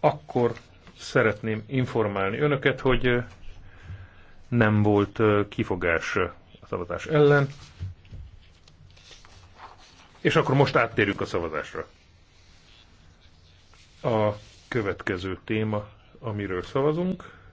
akkor szeretném informálni önöket, hogy nem volt kifogás a szavazás ellen. És akkor most áttérünk a szavazásra. A következő téma, amiről szavazunk,